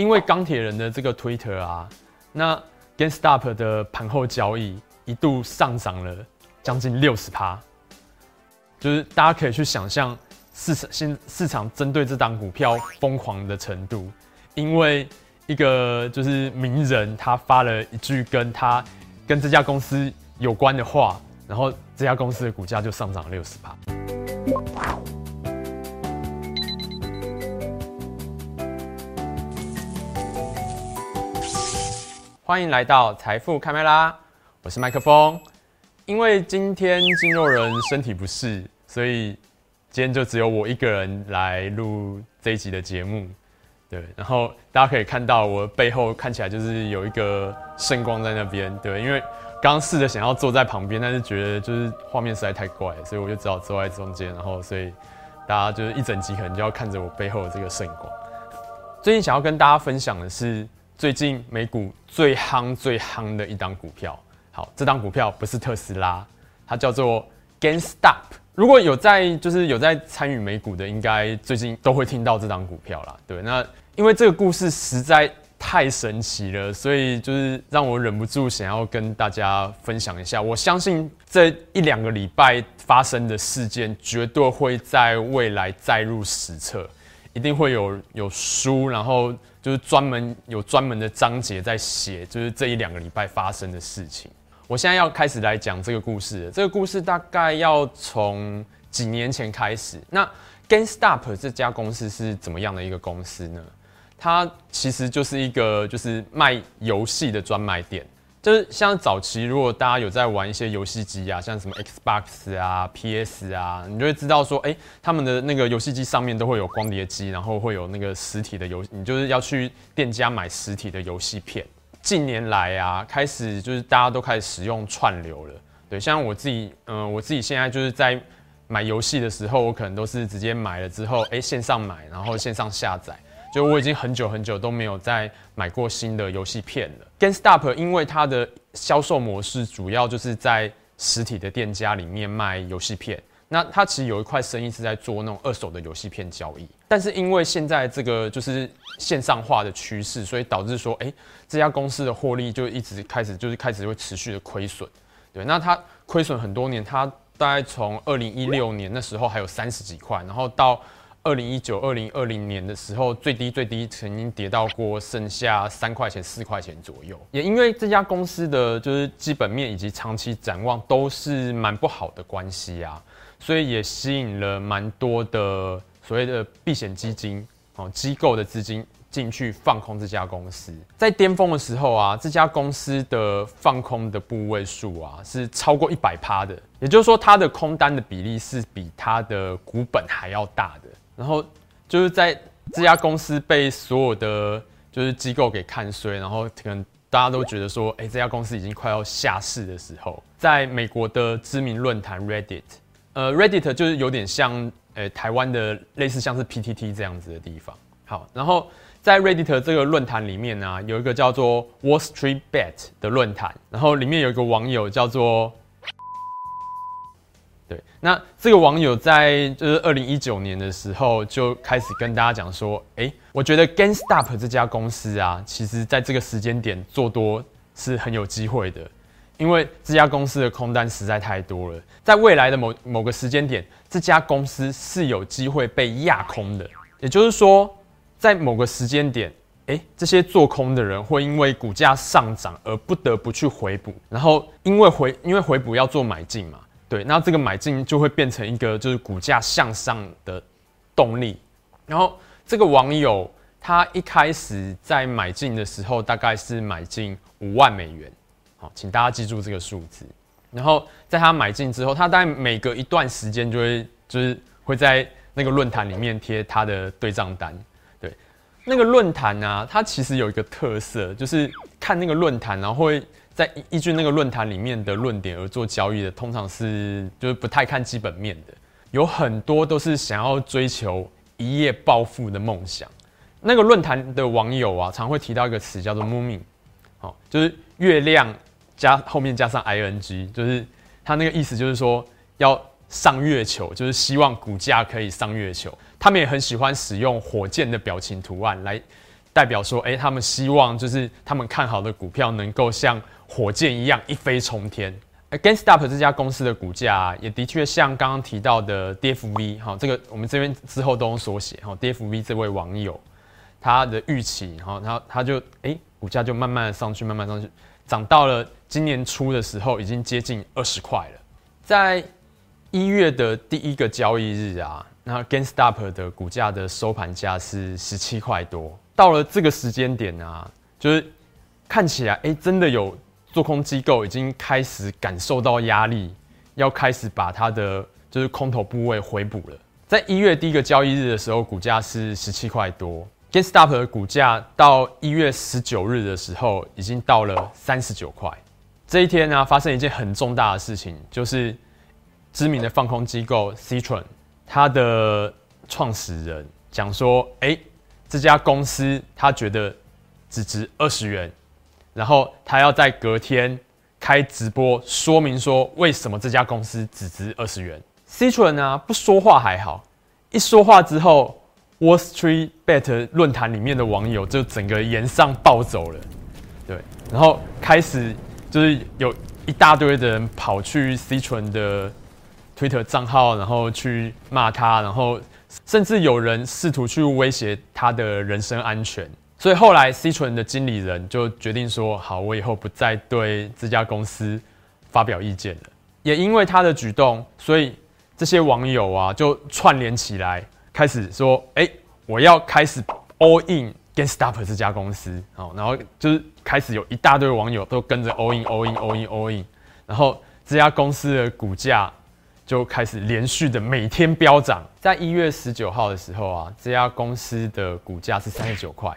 因為鋼鐵人的這個推特啊，那 GameStop 的盤後交易一度上漲了將近六十趴，就是大家可以去想象市場、市場針對這檔股票瘋狂的程度，因為一個就是名人他發了一句跟他跟這家公司有關的話，然後這家公司的股價就上漲了六十趴。歡迎來到財富開麥拉！我是麥克風。因為今天筋肉人身體不適，所以今天就只有我一個人來錄這一集的節目。對，然後大家可以看到我背後看起來就是有一個聖光在那邊，對。因為剛剛試着想要坐在旁邊，但是覺得就是畫面實在太怪，所以我就只好坐在中間。然後，所以大家就是一整集可能就要看着我背後的這個聖光。最近想要跟大家分享的是，最近美股最夯最夯的一檔股票，好，這檔股票不是特斯拉，它叫做 GameStop。如果有在就是有在參與美股的，應該最近都會聽到這檔股票啦。對，那因為這個故事實在太神奇了，所以就是讓我忍不住想要跟大家分享一下。我相信這一兩個禮拜發生的事件，絕對會在未來載入史冊。一定會有有書，然後就是專門有專門的章節在寫，就是這一兩個禮拜發生的事情。我現在要開始來講這個故事，這個故事大概要從幾年前開始。那 GameStop 這家公司是怎麼樣的一個公司呢？它其實就是一個就是賣遊戲的專賣店。就是像早期，如果大家有在玩一些遊戲機啊，像什麼 Xbox 啊、PS 啊，你就會知道說，哎、欸，他們的那個遊戲機上面都會有光碟機，然後會有那個實體的遊，你就是要去店家買實體的遊戲片。近年來啊，開始就是大家都開始使用串流了，對，像我自己，嗯、呃，我自己現在就是在買遊戲的時候，我可能都是直接買了之後，哎、欸，線上買，然後線上下載。就我已經很久很久都沒有再買過新的遊戲片了。GameStop 因為它的銷售模式主要就是在實體的店家裡面賣遊戲片，那它其實有一塊生意是在做那種二手的遊戲片交易。但是因為現在這個就是線上化的趨勢，所以導致說，哎，這家公司的獲利就一直開始就是開始會持續的虧損。對，那它虧損很多年，它大概從二零一六年那時候還有三十幾塊，然後到。二零一九、二零二零年的時候，最低最低曾經跌到過剩下三塊錢、四塊錢左右。也因為這家公司的就是基本面以及長期展望都是蠻不好的關係啊，所以也吸引了蠻多的所謂的避險基金、哦機構的資金進去放空這家公司。在巔峰的時候啊，這家公司的放空的部位數啊是超過一百趴的，也就是說它的空單的比例是比它的股本還要大的。然後就是在這家公司被所有的就是機構給看衰，然後可能大家都覺得說，哎、欸，這家公司已經快要下市的時候，在美國的知名論壇 Reddit，呃，Reddit 就是有點像，呃、欸，台灣的類似像是 PTT 這樣子的地方。好，然後在 Reddit 這個論壇裡面呢、啊，有一個叫做 Wall Street Bet 的論壇，然後裡面有一個網友叫做。那這個網友在就是二零一九年的時候就開始跟大家講說，誒、欸，我覺得 GameStop 這家公司啊，其實在這個時間點做多是很有機會的，因為這家公司的空單實在太多了，在未來的某某個時間點，這家公司是有機會被軋空的。也就是說，在某個時間點，誒、欸，這些做空的人會因為股價上漲而不得不去回補，然後因為回因為回補要做買進嘛。對，那這個買進就會變成一個就是股價向上的動力。然後這個網友他一開始在買進的時候，大概是買進五萬美元，好，請大家記住這個數字。然後在他買進之後，他大概每隔一段時間就會就是會在那個論壇裡面貼他的對賬單。對，那個論壇呢，它其實有一個特色，就是看那個論壇然後會。在依據那個論壇裡面的論點而做交易的，通常是就是不太看基本面的，有很多都是想要追求一夜暴富的夢想。那個論壇的網友啊，常會提到一個詞叫做 “mooning”，就是月亮加後面加上 ing，就是他那個意思就是說要上月球，就是希望股價可以上月球。他們也很喜歡使用火箭的表情圖案來。代表說：“哎、欸，他們希望就是他們看好的股票能夠像火箭一樣一飛沖天。” GameStop 這家公司的股價、啊、也的確像剛剛提到的 D F V 哈，這個我們這邊之後都用縮寫哈，D F V 這位網友他的預期，然後他，他就哎、欸、股價就慢慢上去，慢慢上去，漲到了今年初的時候已經接近二十塊了。在一月的第一個交易日啊，那 GameStop 的股價的收盤價是十七塊多。到了這個時間點啊，就是看起來，欸、真的有做空機構已經開始感受到壓力，要開始把它的就是空頭部位回補了。在一月第一個交易日的時候，股價是十七塊多，GameStop 的股價到一月十九日的時候，已經到了三十九塊。這一天呢、啊，發生一件很重大的事情，就是知名的放空機構 Citron，它的創始人講說，哎、欸。這家公司他覺得只值二十元，然後他要在隔天開直播說明說為什麼這家公司只值二十元。Citron 呢、啊？不說話還好，一說話之後，Wall Street Bet 論壇裡面的網友就整個炎上暴走了，對，然後開始就是有一大堆的人跑去 Citron 的 Twitter 賬號，然後去罵他，然後。甚至有人試圖去威脅他的人身安全，所以後來 C 純的經理人就決定說：好，我以後不再對這家公司發表意見了。也因為他的舉動，所以這些網友啊就串聯起來，開始說：哎，我要開始 all in against up 這家公司。好，然後就是開始有一大堆網友都跟着 all in all in all in all in，然後這家公司的股價。就開始連續的每天飆漲，在一月十九號的時候啊，這家公司的股價是三十九塊，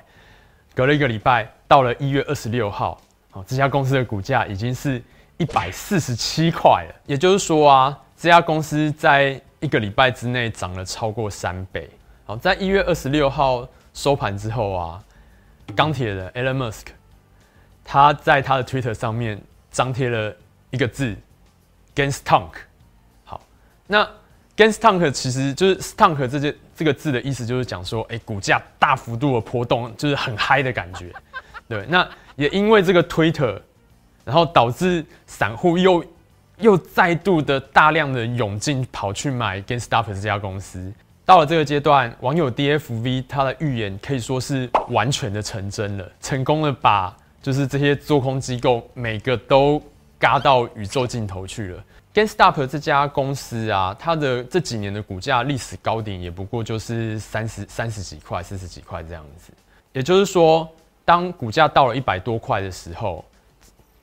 隔了一個禮拜，到了一月二十六號，好，這家公司的股價已經是一百四十七塊了。也就是說啊，這家公司在一個禮拜之內漲了超過三倍。好，在一月二十六號收盤之後啊，鋼鐵的 Elon Musk，他在他的 Twitter 上面張貼了一個字 Gamestonk 那 GameStonk 其實就是 Stonk 這些這個字的意思，就是講說，哎，股價大幅度的波動，就是很嗨的感覺。對，那也因為這個 Twitter，然後導致散戶又又再度的大量的湧進，跑去買 GameStop 這家公司。到了這個階段，網友 DFV 他的預言可以說是完全的成真了，成功的把就是這些做空機構每個都嘎到宇宙盡頭去了。GameStop 這家公司啊，它的這幾年的股價歷史高點也不過就是三十三十幾塊、四十幾塊這樣子。也就是說，當股價到了一百多塊的時候，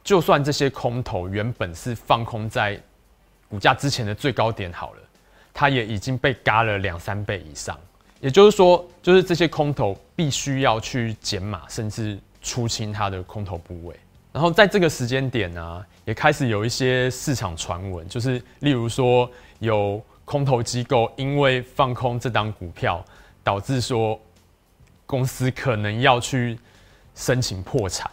就算這些空頭原本是放空在股價之前的最高點好了，它也已經被軋了兩三倍以上。也就是說，就是這些空頭必須要去減碼，甚至出清它的空頭部位。然後在這個時間點呢、啊，也開始有一些市場傳聞，就是例如說有空頭機構因為放空這檔股票，導致說公司可能要去申請破產。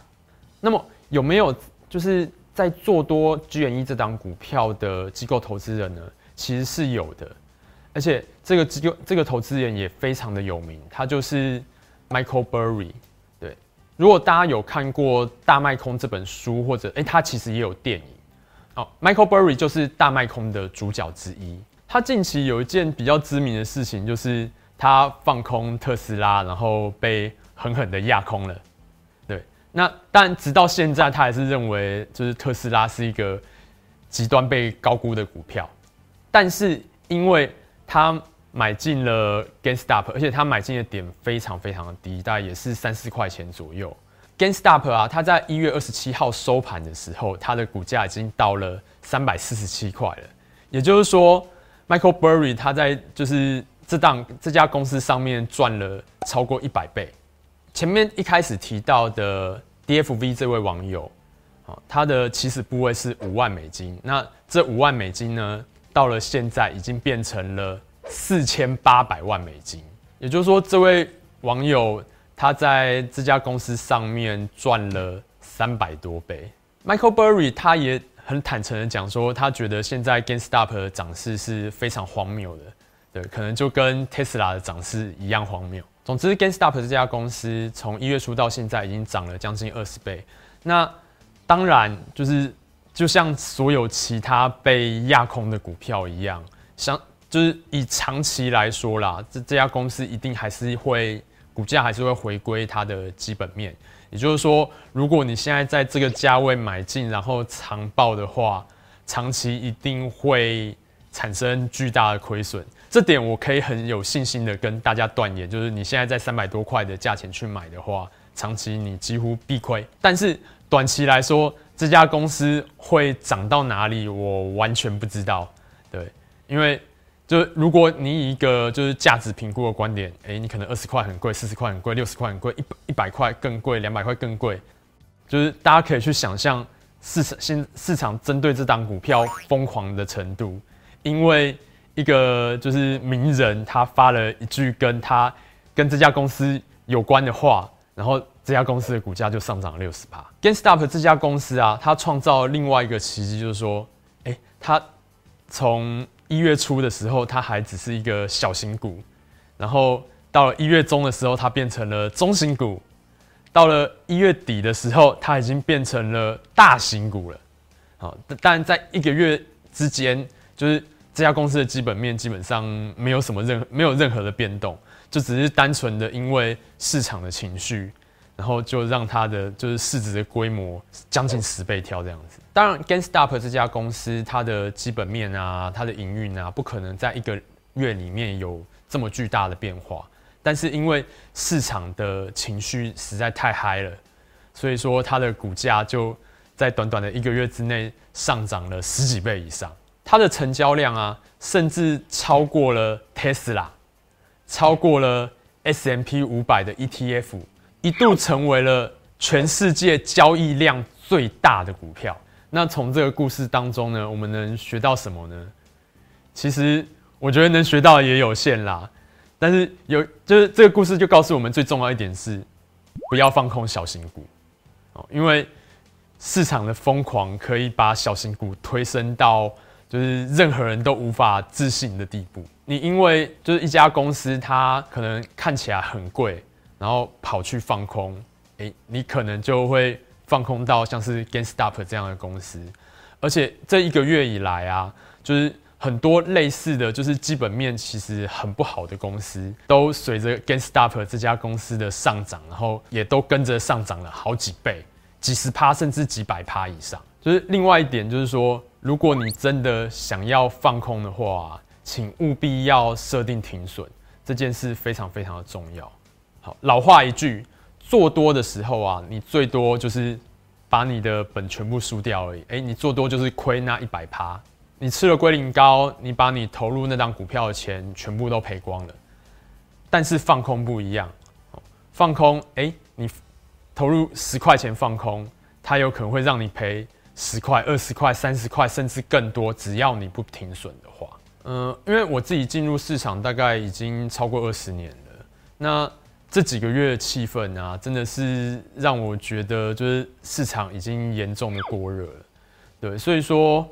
那麼有沒有就是在做多 GME 這檔股票的機構投資人呢？其實是有的，而且這個機構這個投資人也非常的有名，他就是 Michael Burry。如果大家有看過《大賣空》這本書，或者誒，它、欸、其實也有電影。哦，Michael Burry 就是《大賣空》的主角之一。他近期有一件比較知名的事情，就是他放空特斯拉，然後被狠狠的軋空了。對，那但直到現在，他還是認為就是特斯拉是一個極端被高估的股票。但是，因為他。買進了 GameStop，而且他買進的點非常非常的低，大概也是三四塊錢左右。GameStop 啊，它在一月二十七號收盤的時候，它的股價已經到了三百四十七塊了。也就是說，Michael Burry 他在就是這檔這家公司上面賺了超過一百倍。前面一開始提到的 DFV 這位網友，啊，他的起始部位是五萬美金，那這五萬美金呢，到了現在已經變成了。四千八百萬美金，也就是說，這位網友他在這家公司上面賺了三百多倍。Michael Burry 他也很坦誠的講說，他覺得現在 GameStop 的漲勢是非常荒謬的，對，可能就跟 Tesla 的漲勢一樣荒謬。總之，GameStop 這家公司從一月初到現在已經漲了將近二十倍。那當然就是就像所有其他被軋空的股票一樣，像。就是以長期來說啦，這這家公司一定還是會股價還是會回歸它的基本面。也就是說，如果你現在在這個價位買進，然後長抱的話，長期一定會產生巨大的虧損。這點我可以很有信心的跟大家斷言，就是你現在在三百多塊的價錢去買的話，長期你幾乎必虧。但是短期來說，這家公司會漲到哪裡，我完全不知道。對，因為。就是如果你以一個就是價值評估的觀點，誒、欸，你可能二十塊很貴，四十塊很貴，六十塊很貴，一一百塊更貴，兩百塊更貴，就是大家可以去想象市場現市場針對這檔股票瘋狂的程度，因為一個就是名人他發了一句跟他跟這家公司有關的話，然後這家公司的股價就上漲了六十趴。GameStop 這家公司啊，它創造另外一個奇蹟，就是說，誒、欸，他從一月初的時候，它還只是一個小型股，然後到了一月中的時候，它變成了中型股，到了一月底的時候，它已經變成了大型股了。好，當然在一個月之間，就是這家公司的基本面基本上沒有什麼任何沒有任何的變動，就只是單純的因為市場的情緒。然後就讓它的就是市值的規模將近十倍跳這樣子。當然 GameStop 這家公司它的基本面啊、它的營運啊，不可能在一個月裡面有這麼巨大的變化。但是因為市場的情緒實在太嗨了，所以說它的股價就在短短的一個月之內上漲了十幾倍以上。它的成交量啊，甚至超過了 Tesla，超過了 S M P 五百的 E T F。一度成為了全世界交易量最大的股票。那從這個故事當中呢，我們能學到什麼呢？其實我覺得能學到也有限啦。但是有，就是這個故事就告訴我們最重要一點是，不要放空小型股哦，因為市場的瘋狂可以把小型股推升到就是任何人都無法置信的地步。你因為就是一家公司，它可能看起來很貴。然後跑去放空，誒，你可能就會放空到像是 GameStop 這樣的公司，而且這一個月以來啊，就是很多類似的就是基本面其實很不好的公司，都隨着 GameStop 這家公司的上漲，然後也都跟着上漲了好幾倍、幾十趴甚至幾百趴以上。就是另外一點，就是說，如果你真的想要放空的話，請務必要設定停損，這件事非常非常的重要。老話一句，做多的時候啊，你最多就是把你的本全部輸掉而已。誒、欸，你做多就是虧那一百趴，你吃了歸零膏，你把你投入那檔股票的錢全部都賠光了。但是放空不一樣，放空，誒、欸，你投入十塊錢放空，它有可能會讓你賠十塊、二十塊、三十塊，甚至更多，只要你不停損的話。嗯、呃，因為我自己進入市場大概已經超過二十年了，那。這幾個月的氣氛啊，真的是讓我覺得，就是市場已經嚴重的過熱了，對，所以說，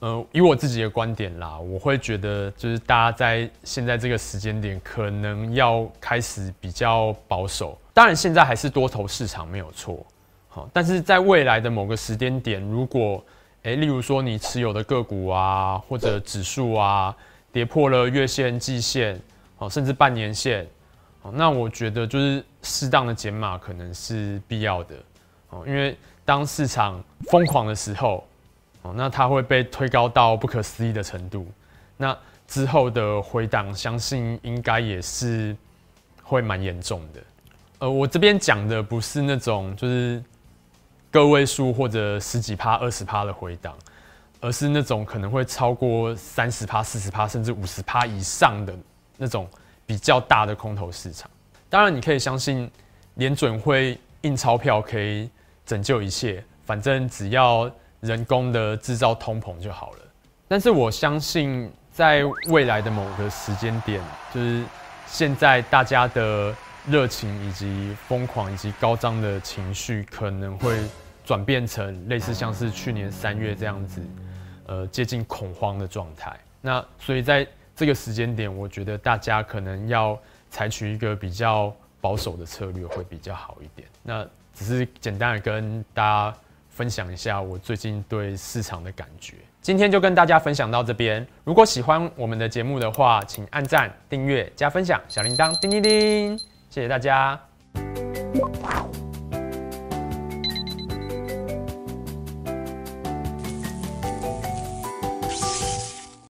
呃，以我自己的觀點啦，我會覺得，就是大家在現在這個時間點，可能要開始比較保守。當然，現在還是多頭市場沒有錯，好，但是在未來的某個時間點，如果，哎，例如說你持有的個股啊，或者指數啊，跌破了月線、季線，甚至半年線。那我覺得就是適當的減碼可能是必要的，哦，因為當市場瘋狂的時候，哦，那它會被推高到不可思議的程度，那之後的回檔相信應該也是會蠻嚴重的。而，我這邊講的不是那種就是個位數或者十幾趴、二十趴的回檔，而是那種可能會超過三十趴、四十趴甚至五十趴以上的那種。比較大的空頭市場，當然你可以相信，聯準會印鈔票可以拯救一切，反正只要人工的製造通膨就好了。但是我相信，在未來的某個時間點，就是現在大家的熱情以及瘋狂以及高漲的情緒，可能會轉變成類似像是去年三月這樣子，呃，接近恐慌的狀態。那所以在，這個時間點，我覺得大家可能要採取一個比較保守的策略會比較好一點。那只是簡單的跟大家分享一下我最近對市場的感覺。今天就跟大家分享到這邊。如果喜歡我們的節目的話，請按讚、訂閱、加分享，小鈴鐺叮叮叮，謝謝大家。